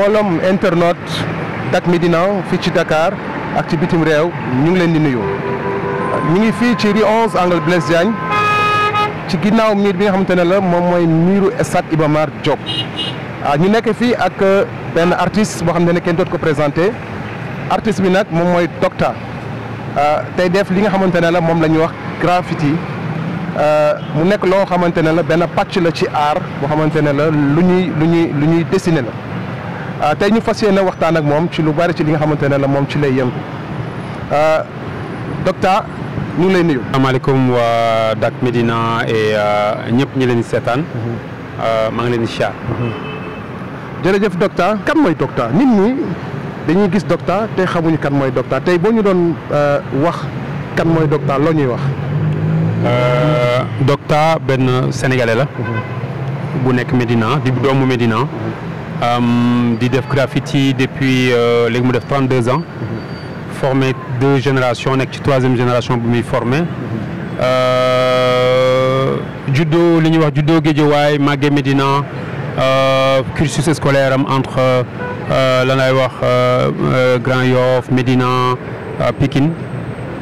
mbooloom internet Dak medina fi ci Dakar ak ci bitim rew ñu ngi leen di nuyu. ñu ngi fi ci rue 11 angle Blaise Diagne ci ginnaaw miir bi nga xamantene la mom moy miru stade ibamar Mar Diop. Ah, ñu nekk fi ak ben artiste bo xamantene ne dot ko présenter artiste bi nak mom moy Docta ah, tay def li nga xamantene la mom lañu wax graffiti. Ah, mu nekk loo xamante ne la benn pàcc la ci aar boo xamante ne la lu ñuy lu ñuy lu ñuy dessiné la Euh, tey ñu fas yéene waxtaan ak moom ci lu bari ci li nga xamante ne la moom ci lay yem euh, docteur ñu ngi lay nuyu. asalaamaaleykum waa Dak Médina et euh, ñëpp ñi leen seetaan. Mm-hmm. maa ngi leen di siyaar. Mm-hmm. jërëjëf docta kan mooy docteur nit ñi dañuy gis docta te xamuñu kan mooy docteur tey boo ñu doon wax kan mooy docteur loo ñuy wax. docta benn sénégalais la. Mm-hmm. bu nekk Médina di doomu Médina. Euh, di def graffiti depuis euh, les 32 ans. formé deux générations nekk troisième génération bu me formé. Euh, judo, li judo wax medina, cursus scolaire entre euh, lay wax Grand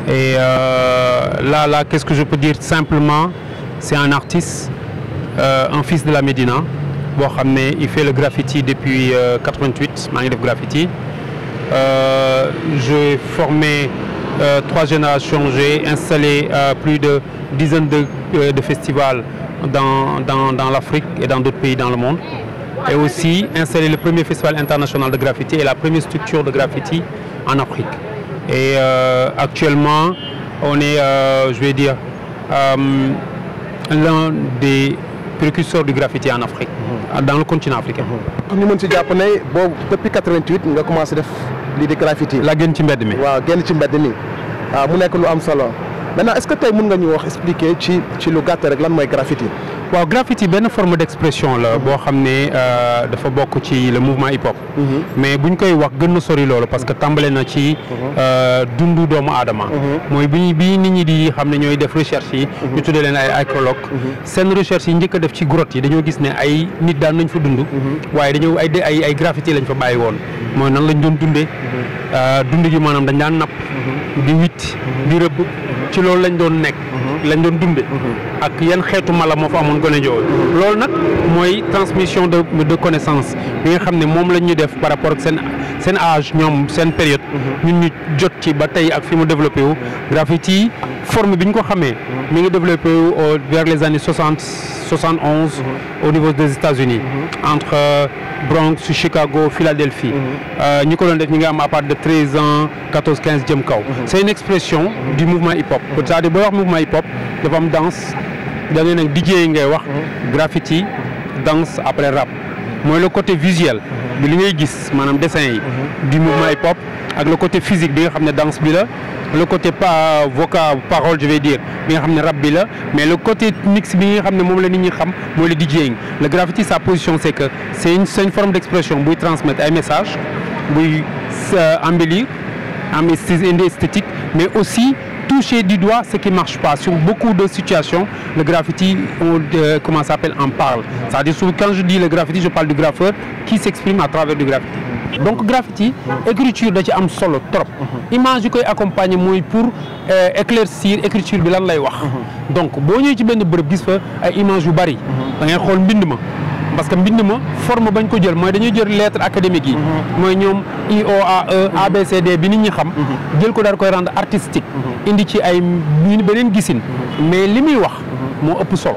Et là, là, qu'est-ce que je peux dire simplement C'est un artiste, un fils de la Medina il fait le graffiti depuis 1988, euh, maa de graffiti euh, j'ai formé euh, trois générations j'ai installé plus de dizaines de festivals dans l'Afrique et dans d'autres pays dans le monde et aussi installé le premier festival international de graffiti et la première structure de graffiti en Afrique et actuellement on est je vais dire l'un des précurseur du graffiti en Afrique. dans le continent africain. Le mën japonais, depuis 1988, boobu depuis commencé à faire des graffiti. la génn ci la mi waaw génn ci mbedd mi waaw mu nekk lu am solo maintenant est-ce que tey mën nga ñu wax expliquer ci ci lu gàtt rek lan mooy graffiti. waaw graffiti benn forme d'expression la mhm. boo xam ne euh, dafa bokk ci le mouvement hip hop. Mhm. mais buñ koy wax gën na sori loolu parce que mhm. tàmbale na ci euh, dundu doomu aadama. mooy bi bi nit ñi di xam ne ñooy def recherche yi. ñu tuddee leen ay archéologue seen recherche yi njëkk a def ci grotte yi dañoo gis ne ay nit daan nañ fa dund. waaye dañoo ay ay graffiti lañ fa bàyyi woon. mooy nan lañ doon dundee. Euh, dund gi maanaam dañ daan napp di huit, du rëbb ci lañ doon lañ doon ak transmission de connaissances. connaissance bi nga ne par rapport ak sen âge ñom période mhm. ñun ñu jot ci ba tay ak graffiti forme biñ ko mhm. vers les années 60 71 mhm. au niveau des États-Unis mhm. entre euh, Bronx, Chicago, Philadelphie. Nicolas colonne a part de 13 ans, 14, 15, ans. C'est une expression du mouvement hip-hop. Pour ça, des beaux mouvements hip-hop, des femmes des DJing, graffiti, danse après rap. Moi, le côté visuel, dessin du mouvement hip-hop, avec le côté physique, bien, la danse le côté pas vocal parole je vais dire mais le côté mix le DJing le graffiti sa position c'est que c'est une c'est une forme d'expression vous transmettre un message vous euh, embellir esthétique mais aussi toucher du doigt ce qui marche pas sur beaucoup de situations le graffiti euh, comment ça s'appelle en parle c'est-à-dire quand je dis le graffiti je parle du graffeur qui s'exprime à travers le graffiti donc graffiti écriture da ci am solo trop. Mhm. image yu koy accompagner mooy pour euh, éclaircir écriture bi lan lay wax. Mhm. donc boo ñëwee ci benn bërëb gis fa ay image yu bari. Mhm. da ngay xol mbinduma parce que mbinduma forme bañ ko jël moy dañuy jël lettre académique yi. mooy ñoom e, C ABCD bi nit ñi xam. jël ko daal koy rendre artistique. indi ci ay benen gisine mais li wax mo ëpp solo.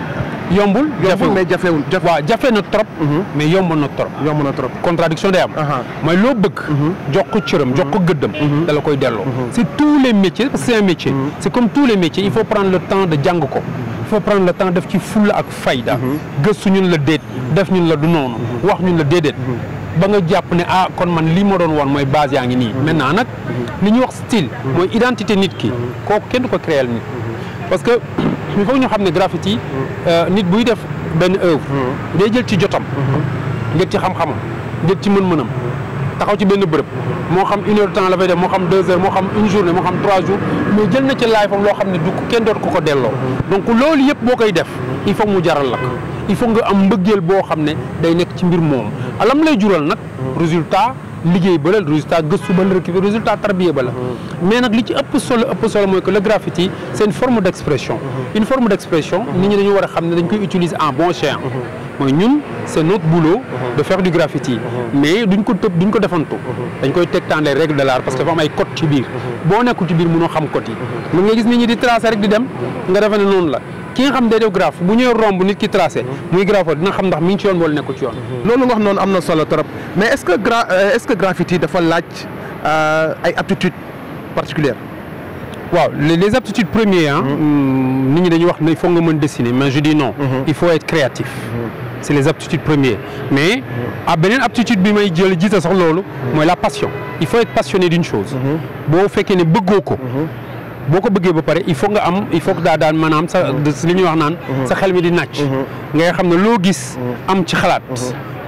yombul jafewul mais jafewul waaw jafe na trop mhm. mais yomb na trop yomb na trop contradiction day am mooy lo bëgg mhm. jox ko cëram jox ko mhm. gëddam da la koy delloo c'est tous les métiers parce que c'est un métier c'est comme tous les métiers il faut prendre le temps de jàng ko il faut prendre le temps def ci fulla ak fayda gëstu ñun la déet def ñun la du noonu wax ñun la déedéet ba nga japp ne ah kon man li ma doon won moy base yaa ngi maintenant nak li ñuy wax style moy identité nit ki ko kenn du ko créer nit parce que il faut ñu nous graffiti mm. euh, nit buy def ben œuvre mm. day jël ci jotam mm-hmm. ci xam xam ci mën-mënam mm-hmm. taxaw ci ben une heure de temps la fay def mo deux heures mo xam une journée mo xam trois jours mais jël na ci life fam lo du kenn doot ko ko dello donc loolu yëpp def il faut mu jaral il faut nga am mbëggeel bo xam day nekk ci mbir alam lay jural résultat liggéey ba résultat gëstu ba la résultat tarbiya ba la hum. mais nak li ci ëpp solo ëpp solo moy que le graffiti c'est une forme d'expression hum. une forme d'expression hum. nit ñi dañu wara a xam ne dañ koy utiliser en bon chien Mais ñun c'est notre boulot de faire du graffiti mais duñ ko tëb duñ ko defantu dañ koy teg les règles de l'art parce que dafa am ay code ci biir boo nekkul ci bir mëno xam code yi mën nga gis nit ñi di tracer rek di dem nga defe ne noonu la ki nga xam day def graphe bu ñëwee romb nit ki tracé muy graphe dina xam ndax mi ci yoon wala nekkul ci mhm. wax solo trop mais est-ce que gra euh, est-ce que graffiti dafa une euh, ay aptitudes particulières waaw les aptitudes premières hein, mhm. mm, nit ñi dañuy wax ne faut nga dessiner mais je dis non mhm. il faut être créatif c'est les aptitudes premières mais à ah, beneen aptitude bi may jël jiite sax c'est mooy la passion il faut être passionné d'une chose boo fekkee ne bëggoo ko boo ko bëggee ba pare il faut nga am il faut daa daan manaam sa mm-hmm. li ñuy wax naan mm-hmm. sa xel mi di nàcc mm-hmm. ngay xam ne loo gis am ci xalaat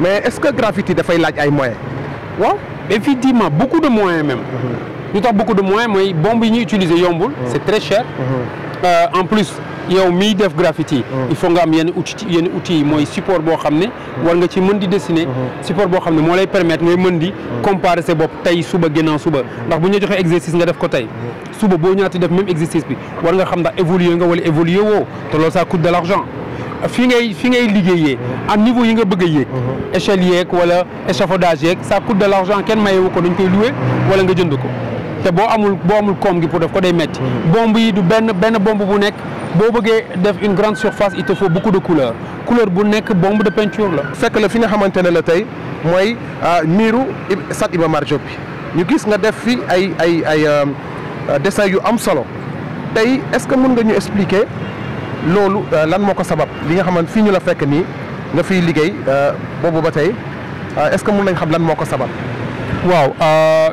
mais est-ce que graffiti dafay laaj ay moyens. waaw effectivement beaucoup de moyens même. Nous mhm. avons beaucoup de moyens mooy bombe yi ñuy utiliser yombul. Mhm. c'est très cher. Mhm. Euh, en plus yow miy def graffiti. il faut nga am yenn outils yenn outils support boo xam ne. war nga ci mën di dessiner. support boo xam ne lay permettre ngay mën di. comparer sa bopp tey suba gannaaw suba ndax bu ñu joxee exercice nga def ko tey. suba boo ñaati def même exercice bi war nga xam ndax évoluer nga wala évoluer woo ça coûte de l'argent fi ngay fi ngay liggéeyee am niveau yi nga bëgg a yéeg mhm. échelle yeeg wala échafaudage yeeg ça coûte de l'argent argent kenn mayewu ko dañ koy loué wala nga jënd ko te boo amul boo amul koom gi pour def ko day metti mhm. bomb yi du ben, ben, bomb bu nekk boo bëggee def une grande surface il te faut beaucoup de couleurs couleur bu nekk bombe de peinture la fekk la fi nga xamante la tey mooy ah, miiru Stade Iba Mar Diop bi ñu gis nga def fi ay ay ay euh, dessin yu am solo tey est-ce que mën nga ñu expliquer loolu euh, lan moko sabab li nga xamante fii ñu la fekk ni nga fiy liggéey euh, bobu ba euh, est-ce que mën nañ xam lan moko sabab. waaw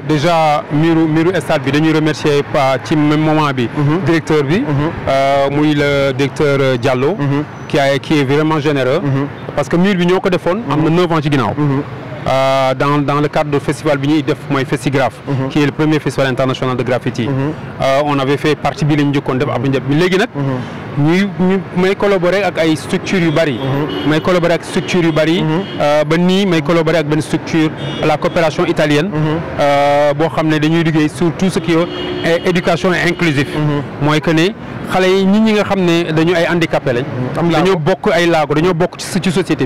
déjà miru miru stade bi dañuy remercier pas. ci même moment bi. Mhm. directeur bi. Mhm. muy le directeur Diallo. Mhm. qui a qui est vraiment généreux. parce que miir bi ñoko defone amna 9 ans ci euh, dans dans le cadre du festival bi ñuy def mooy Festigraph. qui est le premier festival international de graffiti. on avait fait partie bi la ñu njëkkoon def ab ñuy collaboré avec collaborer ak structures yu bari. Mhm. Euh, may collaborer ak structures bari. structure la coopération italienne. Mhm. Euh, sur tout ce qui est éducation inclusive. Mhm. Moi, que connais. yi nit ñi nga dañu ay handicapé lañ. bokk ay société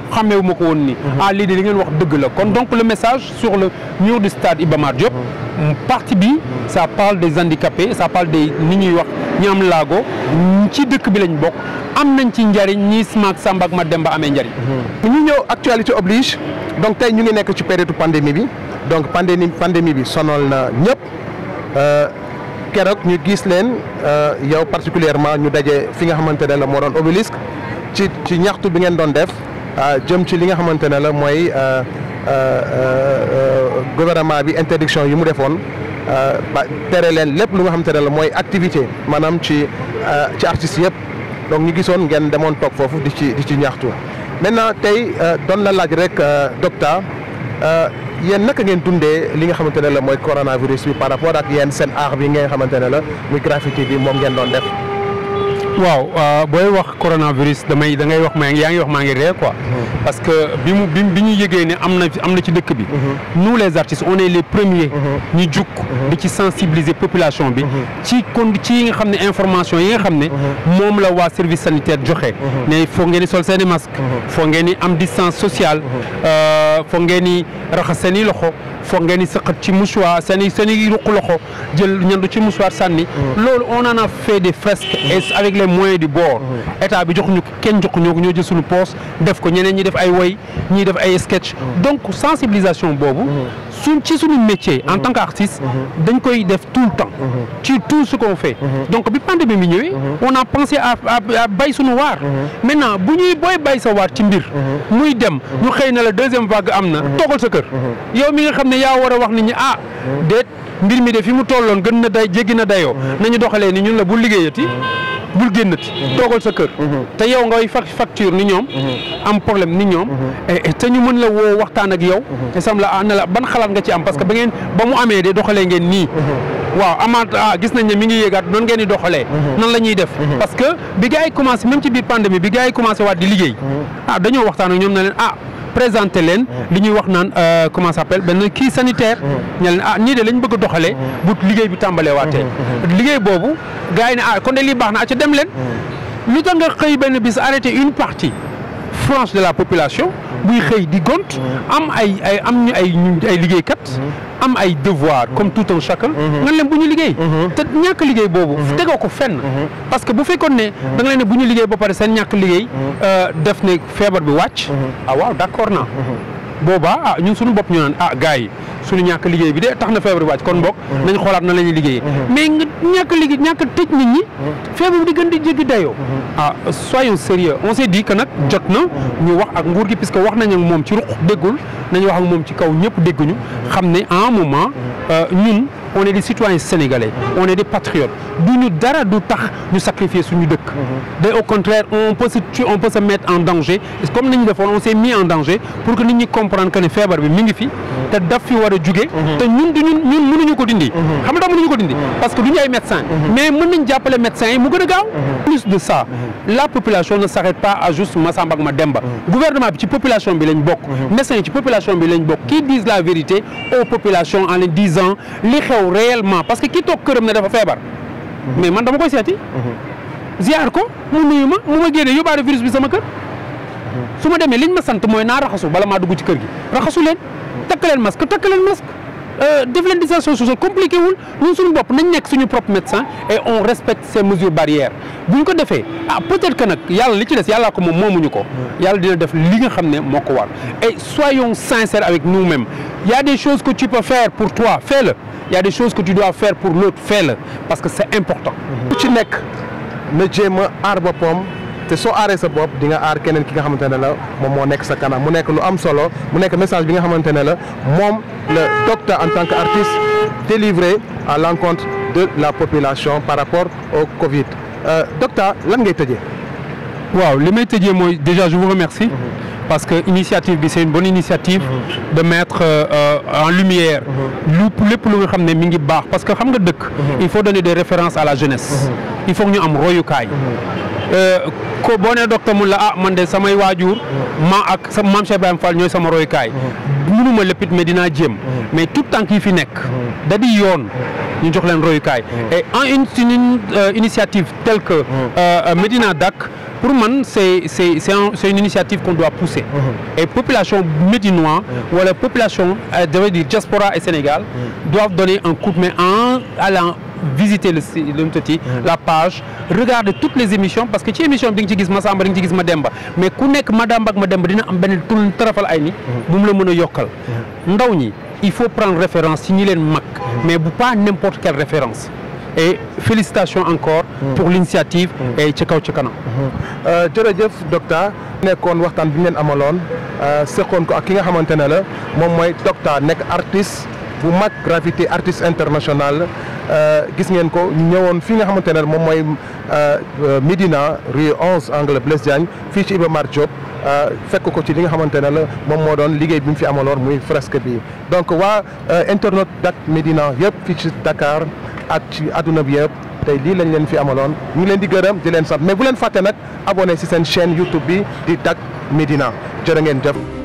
xameewu ma ko woon mhm. ah li de ngeen wax deug la kon donc le message sur le mur du stade Iba Mar Diop mhm. partie bi ça parle des handicapés ça parle des ni ñuy wax ñam am ci deuk bi lañ bok am nañ ci njariñ ñi smaak sambak ma Mademba amé njariñ mhm. ñu ñew actualité oblige donc tay ñu ngi nekk ci période pandémie bi donc pandémie pandémie bi sonal na euh kérok ñu gis leen euh, yow particulièrement ñu dajé fi nga xamanté la moo doon obélisque ci ci ñaxtu bi ngeen don def Euh, jëm ci li nga xamante ne la mooy euh, euh, gouvernement bi interdiction yi mu defoon ba tere leen lépp lu nga xamante ne la mooy activité maanaam ci ci artistes yëpp donc ñu gisoon ngeen demoon toog foofu di ci di ci ñaxtu maintenant tey doon la laaj rek docteur yéen naka ngeen dundee li nga xamante ne la mooy coronavirus bi par rapport ak yéen seen art bi ngeen xamante ne la muy graffiti bi moom ngeen doon def. waaw euh, booy wax coronavirus damay da ngay wax maa ngi wax maa ngi quoi. Mm-hmm. parce que bi mu bi bi ñu yëgee ne am na am na ci dëkk bi. Mm-hmm. nous les artistes on est les premiers. Mm-hmm. ñu jug di ci sensibiliser population bi. ci kon ci yi nga xam information yi nga xam ne. moom la waa service sanitaire joxe. ne foog ngeen di sol seeni masque. foog ngeen di am distance sociale. Euh, foog ngeen di raxas seeni loxo. Fongeni ngeen di sëqat ci mouchoir sani, i ruq loxo jël ñandu ci mouchoir mm. on en a fait des fresques. Mm. avec les moyens du bord. Mm. état bi joxuñu kenn joxuñoo ko ñoo jël suñu poos def ko ñeneen ñi def ay woy sketch. donc sensibilisation bobu suñ ci suñu métier en mhm. tant qu'artiste dañ koy def tout le temps mhm. ci tout ce qu'on fait mhm. donc bi pandémie bi ñëwee on a pensé à à bay suñu waar maintenant bu ñuy booy bay sa waar ci mbir muy dem ñu xëy na la deuxième vague am na toogal sa kër yow mi nga xam ya yaa war a wax nit ñi ah déet mbir mi de fi mu tolloon gën na day jéggi na dayoo nañu doxalee ni ñun la bu liggéeyati bul génnati. Mhm. toogal sa kër. Mhm. te yow ngay facture ni ñoom. Mhm. am problème ni ñoom. Eh, eh, te ñu mën la woo waxtaan ak yow. te ah ne la ban xalaat nga ci am parce que ba ngeen ba mu amee de doxalee ngeen nii. waaw amaat ah gis nañ ne mi ngi yéegaat noonu ngeen di doxalee. nan la ñuy def. parce que bi gars yi commencé même ci biir pandémie bi gars yi commencé waat di liggéey. ah dañoo waxtaan ak ñoom ne leen ah. présenter leen mm. li ñuy wax naan euh, comment s'appelle ben kii sanitaire mm. ñe ah nii de lañ bëgg a mm. bu liggéey bi tambalé waté mm-hmm, mm-hmm, mm-hmm. liggéey bobu gaay yi ah kon li baxna baax na dem leen lu tax nga xey ben bis arrêté une partie franche de la population buy xey di gont am ay am ñu ay ay kat am ay devoir comme tout un chacun mhm. nga len buñu ñu liggéey mhm. te ñak liggéey bobu mhm. tegoo ko fenn parce que bu fekkone ne da nga len buñu bu ñu liggéey ba pare seen ñàkk liggéey euh, def né fièvre bi wacc ah waaw d'accord na boba ah, ñun suñu bop ñu nan ah gaay suñu ñàkk liggéey bi de tax na feebar bi wàcc kon mbokk nañ xoolaat na la ñuy liggéeyee mais nga ñàkk liggéey ñàkk tëj nit ñi feebar bi di gën di jéggi dayoo ah soyons sérieux on s'est dit nag jot na ñu wax ak nguur gi puisque wax nañ ak moom ci ruq déggul nañ wax ak moom ci kaw ñëpp dégguñu xam ne en moment euh, ñun on est des citoyens sénégalais, on est des patriotes. nous dara du tax ñu sacrifier suñu au contraire, on peut se on peut se mettre en danger. Comme nous le on s'est mis en danger pour que nous comprenions comprendre que nous a parce que médecins. mais nous, médecins plus de ça la population ne s'arrête pas à juste Massamba gouvernement population population qui disent la vérité aux populations en les disant les yow réellement parce que ki tok këram ne dafa feebar. Mhm. mais man dama koy seeti. Mhm. ziar ko mu nuyuma ma mu ma génne yóbbaale virus bi sama kër. Mhm. su démé liñ ma sant moy na raxasu bala ma dugg ci kër gi raxasu leen. takk leen masque takk leen masque def euh, leen distanciation compliquées compliqué Nous nous sommes pas nañ nekk propre médecin et on respecte ces mesures barrières Vous ko ah peut-être que nag yàlla li ci a la ko moi mon ko. il hmm. dina def li nga xam comme nous war et soyons sincères avec nous-mêmes il y a des choses que tu peux faire pour toi fais-le il y a des choses que tu dois faire pour l'autre fais-le parce que c'est important. Tu hmm. ci nekk arbre jéem pomme te soo aaree sa bopp di nga aar keneen ki nga xamante ne la moom moo nekk sa kanam mu nekk lu am solo mu nekk message bi nga xamante ne la moom le docteur en tant qu'artiste délivré à l'encontre de la population par rapport au Covid euh, Docteur, lan ngay tëjee. waaw li may tëjee déjà je vous remercie. Mm-hmm. parce que initiative bi c'est une bonne initiative. Mm-hmm. de mettre euh, euh, en lumière. Mm-hmm. lu lépp lu nga xam ne mi ngi baax parce que xam nga dëkk. il faut donner des références à la jeunesse. il faut ñu am royukaay. Euh, ko boo docteur moula a ah man dé samay waajur ma ak sa maam Cheikh Ibrahima Fall ñoy sama kay mënuma léppit mais dinaa mais tout temps ki fi nek da yoon ñu jox et en une euh, initiative telle que euh, Medina Dak pour moi c'est c'est c'est une initiative qu'on doit pousser et population médinois wala population je veux dire diaspora et Sénégal doivent donner un coup de main en allant visiter le site mmh. la page regarder toutes les émissions parce que tu émission bi di nga ci gis ma di ci mais ku madame Mademba madame Mademba dina am tout le travail ay ni mmh. boum le la mën mmh. il faut prendre référence signer les MAC, mais pas n'importe quelle référence et félicitations encore pour l'initiative et ci kaw ci kanam euh, jërëjëf docteur nekkoon on bi ñu leen amaloon euh, seqoon ko ak ki nga xamante la moom mooy docteur nekk artiste bu mag gravité artiste international euh, gis ngeen ko ñëwoon fi nga xamante ne moom mooy euh, Médina rue 11 angle Blaise fiche Iba Mar Diop euh, fekk ko ci li nga xamante ne la doon liggéey bi fi amaloon muy fresque bi donc waa internet Dak Medina yëpp fiche Dakar ak ci àdduna bi yëpp tey lii lañ leen fi amaloon ñu ngi leen di gërëm di leen sant mais bu leen fàtte nag abonné si seen chaîne YouTube bi di Dak Médina jërë ngeen